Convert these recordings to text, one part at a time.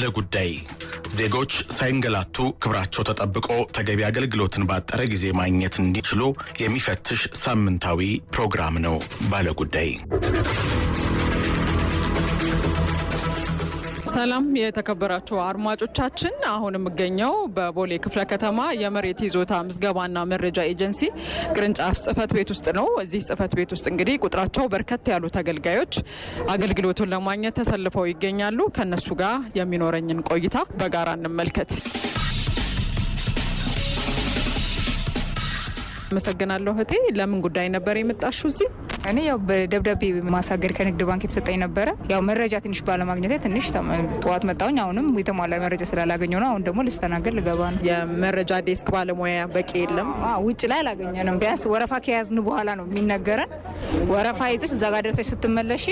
ባለ ጉዳይ ዜጎች ሳይንገላቱ ክብራቸው ተጠብቆ ተገቢ አገልግሎትን ባጠረ ጊዜ ማግኘት እንዲችሉ የሚፈትሽ ሳምንታዊ ፕሮግራም ነው። ባለ ጉዳይ ሰላም የተከበራችሁ አድማጮቻችን፣ አሁን የምገኘው በቦሌ ክፍለ ከተማ የመሬት ይዞታ ምዝገባና መረጃ ኤጀንሲ ቅርንጫፍ ጽህፈት ቤት ውስጥ ነው። እዚህ ጽህፈት ቤት ውስጥ እንግዲህ ቁጥራቸው በርከት ያሉ ተገልጋዮች አገልግሎቱን ለማግኘት ተሰልፈው ይገኛሉ። ከነሱ ጋር የሚኖረኝን ቆይታ በጋራ እንመልከት። አመሰግናለሁ እህቴ። ለምን ጉዳይ ነበር የመጣሹ እዚህ? እኔ ያው በደብዳቤ ማሳገድ ከንግድ ባንክ የተሰጠኝ ነበረ። ያው መረጃ ትንሽ ባለማግኘት ትንሽ ጠዋት መጣሁኝ። አሁንም የተሟላ መረጃ ስላላገኘ ነው። አሁን ደግሞ ልስተናገድ ልገባ ነው። የመረጃ ዴስክ ባለሙያ በቂ የለም። ውጭ ላይ አላገኘንም። ቢያንስ ወረፋ ከያዝን በኋላ ነው የሚነገረን። ወረፋ ይዘሽ እዛ ጋር ደርሰሽ ስትመለሽ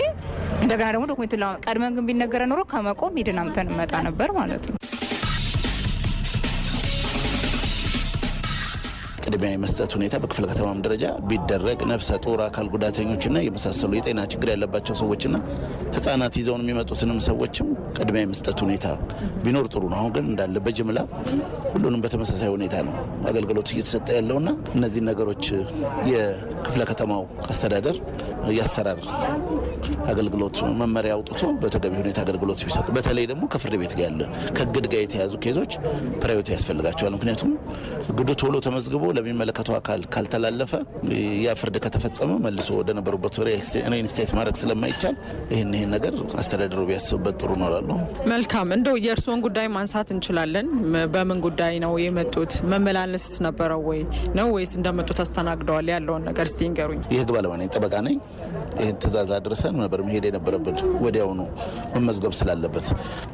እንደገና ደግሞ ዶክሜንቱን ቀድመን ግን ቢነገረ ኖሮ ከመቆም ሂድን አምተን መጣ ነበር ማለት ነው። ቅድሚያ የመስጠት ሁኔታ በክፍለ ከተማም ደረጃ ቢደረግ ነፍሰ ጡር፣ አካል ጉዳተኞችና የመሳሰሉ የጤና ችግር ያለባቸው ሰዎችና ህጻናት ይዘውን የሚመጡትንም ሰዎችም ቅድሚያ የመስጠት ሁኔታ ቢኖር ጥሩ ነው። አሁን ግን እንዳለ በጅምላ ሁሉንም በተመሳሳይ ሁኔታ ነው አገልግሎት እየተሰጠ ያለውና እነዚህ ነገሮች የክፍለ ከተማው አስተዳደር ያሰራር አገልግሎት መመሪያ አውጥቶ በተገቢ ሁኔታ አገልግሎት ቢሰጡ በተለይ ደግሞ ከፍርድ ቤት ጋር ያለ ከእግድ ጋር የተያዙ ኬዞች ፕራዮሪቲ ያስፈልጋቸዋል። ምክንያቱም እግዱ ቶሎ ተመዝግቦ ለሚመለከተው አካል ካልተላለፈ ያ ፍርድ ከተፈጸመ መልሶ ወደ ነበሩበት ሬንስቴት ማድረግ ስለማይቻል ይህን ይህን ነገር አስተዳደሩ ቢያስብበት ጥሩ ኖራሉ። መልካም እንደው የእርስዎን ጉዳይ ማንሳት እንችላለን። በምን ጉዳይ ነው የመጡት? መመላለስስ ነበረው ወይ ነው ወይስ እንደመጡት አስተናግደዋል? ያለውን ነገር እስቲ ንገሩኝ። የህግ ባለሙያ ነኝ፣ ጠበቃ ነኝ። ይህን ትእዛዝ አድርሰን ነበር መሄድ የነበረብን ወዲያውኑ መመዝገብ ስላለበት።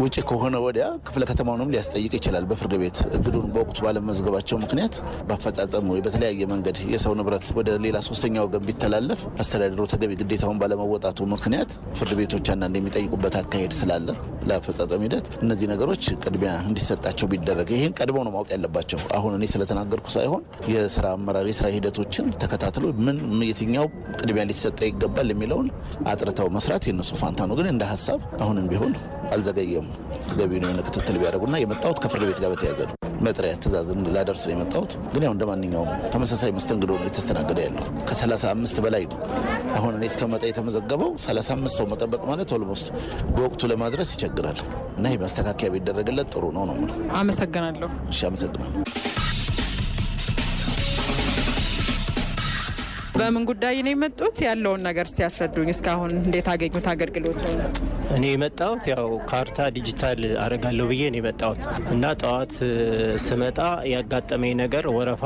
ውጭ ከሆነ ወዲያ ክፍለ ከተማውንም ሊያስጠይቅ ይችላል። በፍርድ ቤት እግዱን በወቅቱ ባለመዝገባቸው ምክንያት በአፈጻጸ ቢፈጸም ወይ በተለያየ መንገድ የሰው ንብረት ወደ ሌላ ሶስተኛ ወገን ቢተላለፍ አስተዳደሩ ተገቢ ግዴታውን ባለመወጣቱ ምክንያት ፍርድ ቤቶች አንዳንድ የሚጠይቁበት አካሄድ ስላለ ለአፈጻጸም ሂደት እነዚህ ነገሮች ቅድሚያ እንዲሰጣቸው ቢደረግ፣ ይህን ቀድመው ነው ማወቅ ያለባቸው። አሁን እኔ ስለተናገርኩ ሳይሆን የስራ አመራር የስራ ሂደቶችን ተከታትሎ ምን የትኛው ቅድሚያ ሊሰጠው ይገባል የሚለውን አጥርተው መስራት የነሱ ፋንታ ነው። ግን እንደ ሀሳብ አሁንም ቢሆን አልዘገየም። ገቢ ነው ክትትል ቢያደርጉና የመጣሁት ከፍርድ ቤት ጋር በተያያዘ ነው። መጥሪያ ትእዛዝም ላደርስ ነው የመጣሁት። ግን ያው እንደ ማንኛውም ተመሳሳይ መስተንግዶ የተስተናገደ ያለው ከ35 በላይ ነው። አሁን እኔ እስከመጣ የተመዘገበው 35 ሰው መጠበቅ ማለት ኦልሞስት በወቅቱ ለማድረስ ይቸግራል እና ይህ ማስተካከያ ቢደረግለት ጥሩ ነው ነው አመሰግናለሁ። እሺ አመሰግናለሁ። በምን ጉዳይ ነው የመጡት? ያለውን ነገር እስቲ ያስረዱኝ። እስካሁን እንዴት አገኙት አገልግሎት? እኔ የመጣሁት ያው ካርታ ዲጂታል አረጋለሁ ብዬ ነው የመጣሁት እና ጠዋት ስመጣ ያጋጠመኝ ነገር ወረፋ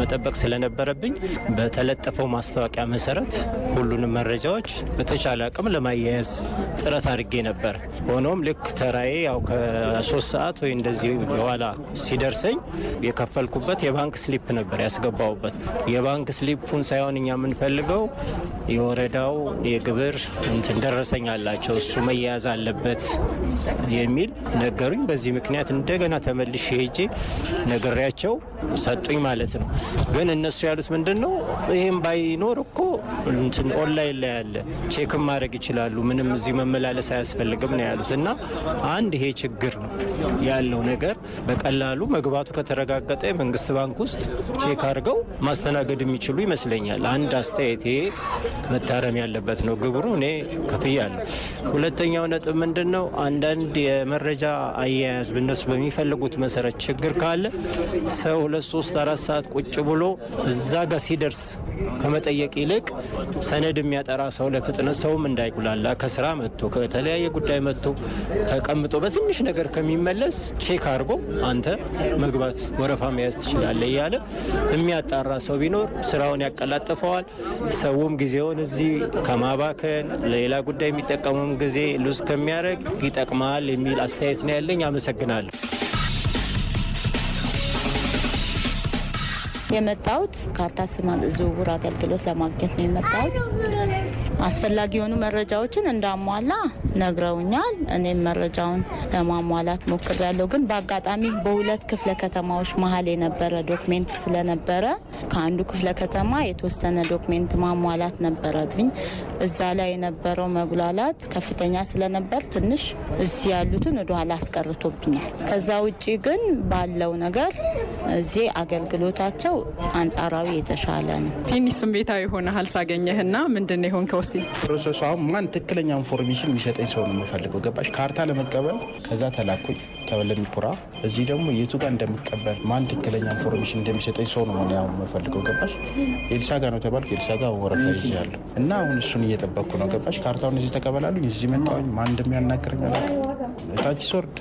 መጠበቅ ስለነበረብኝ በተለጠፈው ማስታወቂያ መሰረት ሁሉንም መረጃዎች በተቻለ አቅም ለማያያዝ ጥረት አድርጌ ነበር። ሆኖም ልክ ተራዬ ያው ከሶስት ሰዓት ወይ እንደዚህ በኋላ ሲደርሰኝ የከፈልኩበት የባንክ ስሊፕ ነበር ያስገባሁበት። የባንክ ስሊፑን ሳይሆን እኛ የምንፈልገው የወረዳው የግብር እንትን ደረሰኝ አላቸው እሱ መያ መያዝ አለበት የሚል ነገሩኝ። በዚህ ምክንያት እንደገና ተመልሼ ሄጄ ነግሬያቸው ሰጡኝ ማለት ነው። ግን እነሱ ያሉት ምንድን ነው? ይህም ባይኖር እኮ ኦንላይን ላይ ያለ ቼክም ማድረግ ይችላሉ፣ ምንም እዚህ መመላለስ አያስፈልግም ነው ያሉት። እና አንድ ይሄ ችግር ነው ያለው ነገር በቀላሉ መግባቱ ከተረጋገጠ የመንግስት ባንክ ውስጥ ቼክ አድርገው ማስተናገድ የሚችሉ ይመስለኛል። አንድ አስተያየት ይሄ መታረም ያለበት ነው ግብሩ። እኔ ከፍያለሁ። ሁለተኛ ዋነኛው ነጥብ ምንድን ነው? አንዳንድ የመረጃ አያያዝ እነሱ በሚፈልጉት መሰረት ችግር ካለ ሰው ሁለት ሶስት አራት ሰዓት ቁጭ ብሎ እዛ ጋር ሲደርስ ከመጠየቅ ይልቅ ሰነድ የሚያጠራ ሰው ለፍጥነት ሰውም እንዳይጉላላ ከስራ መጥቶ ከተለያየ ጉዳይ መጥቶ ተቀምጦ በትንሽ ነገር ከሚመለስ ቼክ አድርጎ አንተ መግባት ወረፋ መያዝ ትችላለ እያለ የሚያጣራ ሰው ቢኖር ስራውን ያቀላጥፈዋል። ሰውም ጊዜውን እዚህ ከማባከን ሌላ ጉዳይ የሚጠቀሙም ጊዜ ሉዝ ከሚያደርግ ይጠቅማል የሚል አስተያየት ነው ያለኝ። አመሰግናለሁ። የመጣሁት ካርታ ስማ ዝውውር አገልግሎት ለማግኘት ነው የመጣሁት። አስፈላጊ የሆኑ መረጃዎችን እንዳሟላ ነግረውኛል። እኔም መረጃውን ለማሟላት ሞክር ያለው ግን በአጋጣሚ በሁለት ክፍለ ከተማዎች መሀል የነበረ ዶክሜንት ስለነበረ ከአንዱ ክፍለ ከተማ የተወሰነ ዶክሜንት ማሟላት ነበረብኝ። እዛ ላይ የነበረው መጉላላት ከፍተኛ ስለነበር ትንሽ እዚህ ያሉትን ወደኋላ አስቀርቶብኛል። ከዛ ውጭ ግን ባለው ነገር እዚህ አገልግሎታቸው አንጻራዊ የተሻለ ነው። ትንሽ ስሜታዊ ሆነሃል ሳገኘህና ምንድን ሆን እስቲ ፕሮሰሱ አሁን ማን ትክክለኛ ኢንፎርሜሽን የሚሰጠኝ ሰው ነው የምፈልገው። ገባሽ? ካርታ ለመቀበል ከዛ ተላኩኝ ከለሚኩራ እዚህ ደግሞ የቱ ጋር እንደሚቀበል ማን ትክክለኛ ኢንፎርሜሽን እንደሚሰጠኝ ሰው ነው ያው የምፈልገው። ገባሽ? ኤልሳ ጋር ነው ተባልኩ። ኤልሳ ጋር ወረፋ ይዣለሁ እና አሁን እሱን እየጠበቅኩ ነው። ገባሽ? ካርታውን እዚህ ተቀበላሉኝ። እዚህ መጣሁኝ። ማን እንደሚያናገረኝ ታች ሶርድ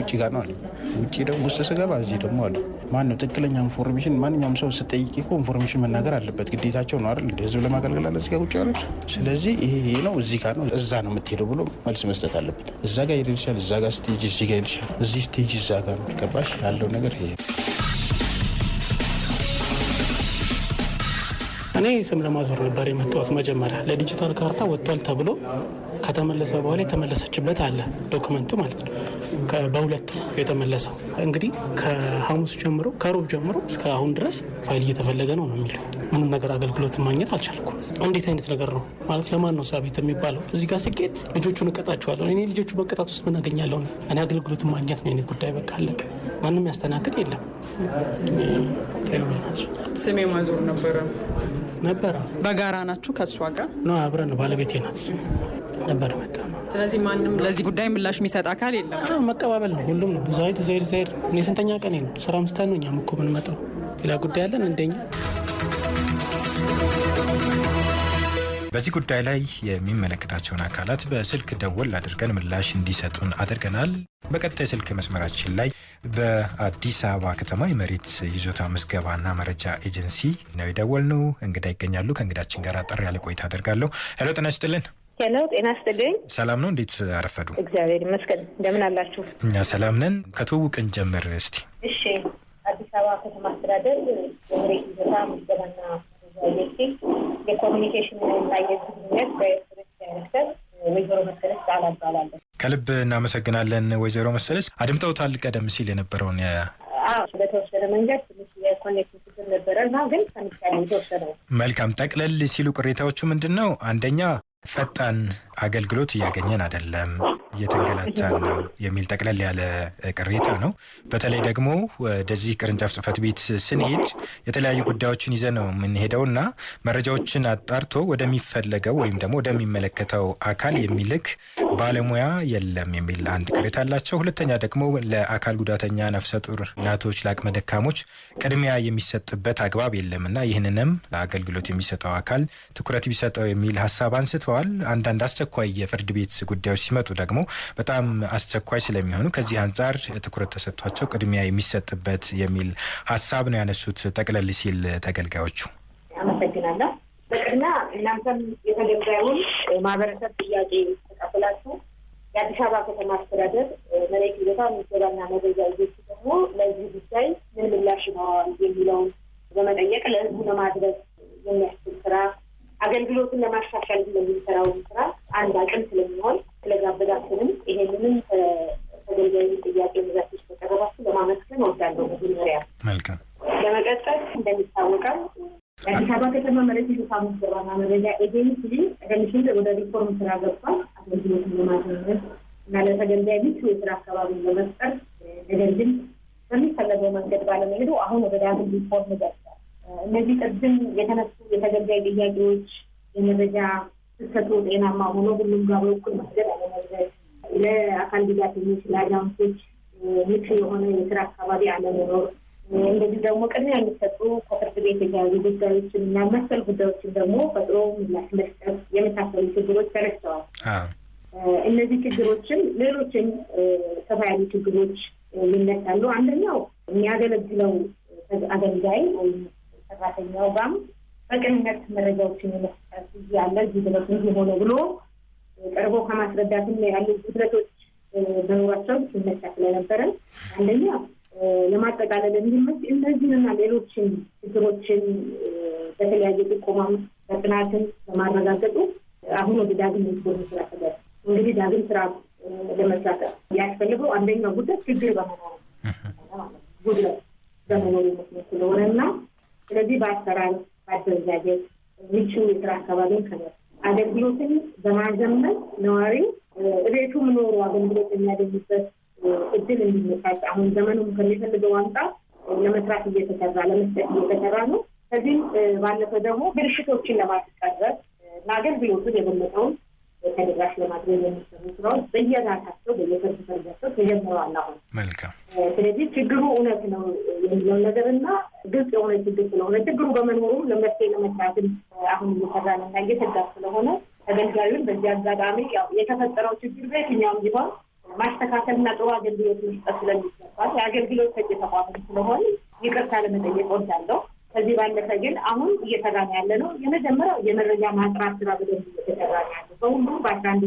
ውጭ ጋር ነው አለ። ውጭ ደግሞ ውስጥ ስገባ እዚህ ደግሞ አለ ማን ነው ትክክለኛ ኢንፎርሜሽን? ማንኛውም ሰው ስጠይቅ እኮ ኢንፎርሜሽን መናገር አለበት፣ ግዴታቸው ነው አይደል? ህዝብ ለማገልገል አለ ቁጭ ያለ። ስለዚህ ይሄ ይሄ ነው እዚህ ጋር ነው እዛ ነው የምትሄደው ብሎ መልስ መስጠት አለበት። እዛ ጋር ሄደ ይልሻል፣ እዛ ጋር ስቴጅ እዚህ ጋር ይልሻል፣ እዚህ ስቴጅ እዛ ጋር ነው ገባሽ ያለው ነገር ይሄ እኔ ስም ለማዞር ነበር የመጣሁት። መጀመሪያ ለዲጂታል ካርታ ወጥቷል ተብሎ ከተመለሰ በኋላ የተመለሰችበት አለ ዶክመንቱ ማለት ነው። በሁለት የተመለሰው እንግዲህ ከሐሙስ ጀምሮ ከሮብ ጀምሮ እስከ አሁን ድረስ ፋይል እየተፈለገ ነው ነው የሚለው ምንም ነገር አገልግሎት ማግኘት አልቻልኩም። እንዴት አይነት ነገር ነው ማለት ለማን ነው ሳቤት የሚባለው? እዚህ ጋር ሲኬድ ልጆቹን እቀጣቸዋለሁ እኔ ልጆቹ በቅጣት ውስጥ ምን አገኛለሁ? እኔ አገልግሎት ማግኘት ነው የኔ ጉዳይ፣ በቃ አለቀ። ማንም ያስተናግድ የለም። ስሜ ማዞር ነበረ ነበረ። በጋራ ናችሁ ከእሷ ጋር ነው አብረን ባለቤቴ ናት ነበር መጣ ስለዚህ ማንም ለዚህ ጉዳይ ምላሽ የሚሰጥ አካል የለም። መቀባበል ነው ሁሉም ነው። ዛይድ ዘይድ ዘይድ እኔ ስንተኛ ቀን ነው ስራ ምስተን ነው። እኛም እኮ መጠው ሌላ ጉዳይ አለን እንደኛ። በዚህ ጉዳይ ላይ የሚመለከታቸውን አካላት በስልክ ደወል አድርገን ምላሽ እንዲሰጡን አድርገናል። በቀጣይ ስልክ መስመራችን ላይ በአዲስ አበባ ከተማ የመሬት ይዞታ ምዝገባና መረጃ ኤጀንሲ ነው ነው እንግዳ ይገኛሉ። ከእንግዳችን ጋር አጠር ያለ ቆይታ አደርጋለሁ። ሄሎ ጤና ይስጥልን። ሄሎ፣ ጤና ይስጥልኝ። ሰላም ነው? እንዴት አረፈዱ? እግዚአብሔር ይመስገን። እንደምን አላችሁ? እኛ ሰላም ነን። ከትውውቅን ጀምር እስቲ። እሺ፣ አዲስ አበባ ከተማ አስተዳደር የመሬት ይዞታ ምዝገባና ዛቤቲ የኮሚኒኬሽን እና የግንኙነት በኤክስፕሬስ ዳይሬክተር ወይዘሮ መሰለች ቃል አባላለን ከልብ እናመሰግናለን ወይዘሮ መሰለች። አድምጠውታል ቀደም ሲል የነበረውን በተወሰነ መንገድ የኮኔክት ችግር ነበረ እና ግን ከምሳሌ የተወሰነ መልካም ጠቅለል ሲሉ ቅሬታዎቹ ምንድን ነው? አንደኛ ፈጣን አገልግሎት እያገኘን አይደለም። እየተንገላታን ነው የሚል ጠቅለል ያለ ቅሬታ ነው። በተለይ ደግሞ ወደዚህ ቅርንጫፍ ጽህፈት ቤት ስንሄድ የተለያዩ ጉዳዮችን ይዘ ነው የምንሄደው እና መረጃዎችን አጣርቶ ወደሚፈለገው ወይም ደግሞ ወደሚመለከተው አካል የሚልክ ባለሙያ የለም የሚል አንድ ቅሬታ አላቸው። ሁለተኛ ደግሞ ለአካል ጉዳተኛ፣ ነፍሰ ጡር እናቶች፣ ለአቅመ ደካሞች ቅድሚያ የሚሰጥበት አግባብ የለም እና ይህንንም አገልግሎት የሚሰጠው አካል ትኩረት ቢሰጠው የሚል ሀሳብ አንስተዋል። አንዳንድ አስቸኳይ የፍርድ ቤት ጉዳዮች ሲመጡ ደግሞ በጣም አስቸኳይ ስለሚሆኑ ከዚህ አንጻር ትኩረት ተሰጥቷቸው ቅድሚያ የሚሰጥበት የሚል ሀሳብ ነው ያነሱት። ጠቅለል ሲል ተገልጋዮቹ አመሰግናለሁ። በቅድሚያ እናንተም የተገልጋዩን ማህበረሰብ ጥያቄ ተቀብላችሁ የአዲስ አበባ ከተማ አስተዳደር መሬት ይዞታ ምዝገባና መረጃ ይዞች ደግሞ ለዚህ ጉዳይ ምን ምላሽ ይኖረዋል የሚለውን በመጠየቅ ለህዝቡ ለማድረስ የሚያስችል ስራ አገልግሎቱን ለማሻሻል የሚሰራውን ስራ አንድ አቅም ስለሚሆን ስለጋበዛችንም ይሄንንም ተገልጋዩ ጥያቄ ብዛት ውስጥ ለማመስገን ወዳለው መጀመሪያ መልካም። ለመቀጠል እንደሚታወቀው አዲስ አበባ ከተማ መሬት ይዞታዎች ዘባና መረጃ ኤጀንሲ ቀደም ሲል ወደ ሪፎርም ስራ ገብቷል። አገልግሎትን ለማግኘት እና ለተገልጋይ ምቹ የስራ አካባቢ ለመፍጠር ነገር ግን በሚፈለገው መንገድ ባለመሄዱ አሁን ወደ ዳግም ሪፎርም ገብቷል። እነዚህ ቅድም የተነሱ የተገልጋይ ጥያቄዎች የመረጃ ተሰጥቶ ጤናማ ሆኖ ሁሉም ጋር በኩል መንገድ አለመድረስ፣ ለአካል ጉዳተኞች፣ ለአዛውንቶች ምቹ የሆነ የስራ አካባቢ አለመኖር፣ እንደዚህ ደግሞ ቅድሚያ የሚሰጡ ከፍርድ ቤት የተያዙ ጉዳዮችን እና መሰል ጉዳዮችን ደግሞ ፈጥሮ ምላሽ መስጠት የመሳሰሉ ችግሮች ተነስተዋል። እነዚህ ችግሮችን ሌሎችን ሰፋ ያሉ ችግሮች ይነሳሉ። አንደኛው የሚያገለግለው አገልጋይ ወይም ሰራተኛው ጋም በቅንነት መረጃዎችን የመስጠት እዚህ ያለ እዚህ ድረስ እንዲህ ሆነ ብሎ ቀርቦ ከማስረዳትም ያሉ ውድረቶች መኖራቸው ሲነሳ ስለነበረ አንደኛ ለማጠቃለል እንዲመች እነዚህንና ሌሎችን ችግሮችን በተለያየ ጥቆማም በጥናትን ለማረጋገጡ አሁን ወደ ዳግም ሚስቦር ስራ ተገ እንግዲህ ዳግም ስራ ለመስራት ያስፈልገው አንደኛው ጉዳይ ችግር በመኖሩ ጉድለት በመኖሩ መስሎኝ ስለሆነ እና ስለዚህ በአሰራር ምቹ የስራ አካባቢ አገልግሎትን በማዘመን ነዋሪው እቤቱ ኖሮ አገልግሎት የሚያገኝበት እድል እንዲመቻች አሁን ዘመኑም ከሚፈልገው አንጻር ለመስራት እየተሰራ ለመስጠት እየተሰራ ነው። ከዚህም ባለፈው ደግሞ ብልሽቶችን ለማስቀረት ለአገልግሎቱን የበለጠውን ተደራሽ ለማድረግ የሚሰሩ ስራዎች በየራሳቸው በየሰርቪስ ፈርጃቸው ተጀምረዋል። አሁን መልካም። ስለዚህ ችግሩ እውነት ነው የሚለው ነገር እና ግልጽ የሆነ ችግር ስለሆነ ችግሩ በመኖሩም ለመፍትሄ ለመስራትም አሁን እየሰራን እና እየተጋር ስለሆነ ተገልጋዩን በዚህ አጋጣሚ የተፈጠረው ችግር በየትኛውም ቢሆን ማስተካከልና ጥሩ አገልግሎት መስጠት ስለሚገባል የአገልግሎት ሰጪ ተቋም ስለሆን ይቅርታ ለመጠየቅ ወዳለው ከዚህ ባለፈ ግን አሁን እየሰራን ያለ ነው የመጀመሪያው የመረጃ ማጥራት ስራ በደንብ እየተሰራ ያለ በሁሉ በአንዳንድ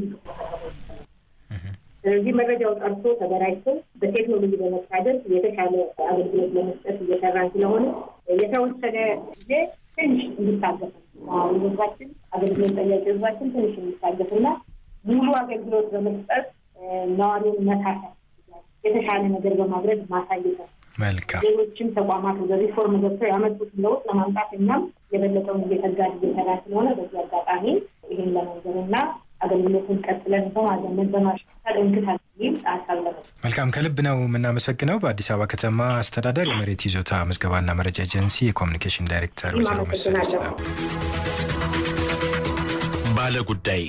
ስለዚህ መረጃው ጠርቶ ተደራጅቶ በቴክኖሎጂ በመታደል የተሻለ አገልግሎት ለመስጠት እየሰራ ስለሆነ የተወሰነ ጊዜ ትንሽ እንዲታገፍ ህዝባችን አገልግሎት ጠያቂ ህዝባችን ትንሽ እንዲታገፍና ሙሉ አገልግሎት በመስጠት ነዋሪውን መካፈል የተሻለ ነገር በማድረግ ማሳየት መልካም ሌሎችም ተቋማት ወደ ሪፎርም ገብተው ያመጡት ለውጥ ለማምጣት እኛም የበለጠውን እየተጋድ እየሰራ ስለሆነ በዚህ አጋጣሚ ይሄን ለመንገር እና አገልግሎቱን ቀጥለን በማዘመን በማሻሻል እንክታል መልካም ከልብ ነው የምናመሰግነው። በአዲስ አበባ ከተማ አስተዳደር የመሬት ይዞታ ምዝገባና መረጃ ኤጀንሲ የኮሚኒኬሽን ዳይሬክተር ወይዘሮ መሰለች ነው። ባለ ጉዳይ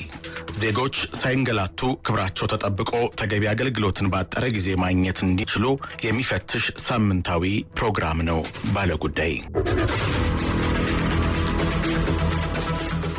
ዜጎች ሳይንገላቱ ክብራቸው ተጠብቆ ተገቢ አገልግሎትን ባጠረ ጊዜ ማግኘት እንዲችሉ የሚፈትሽ ሳምንታዊ ፕሮግራም ነው። ባለ ጉዳይ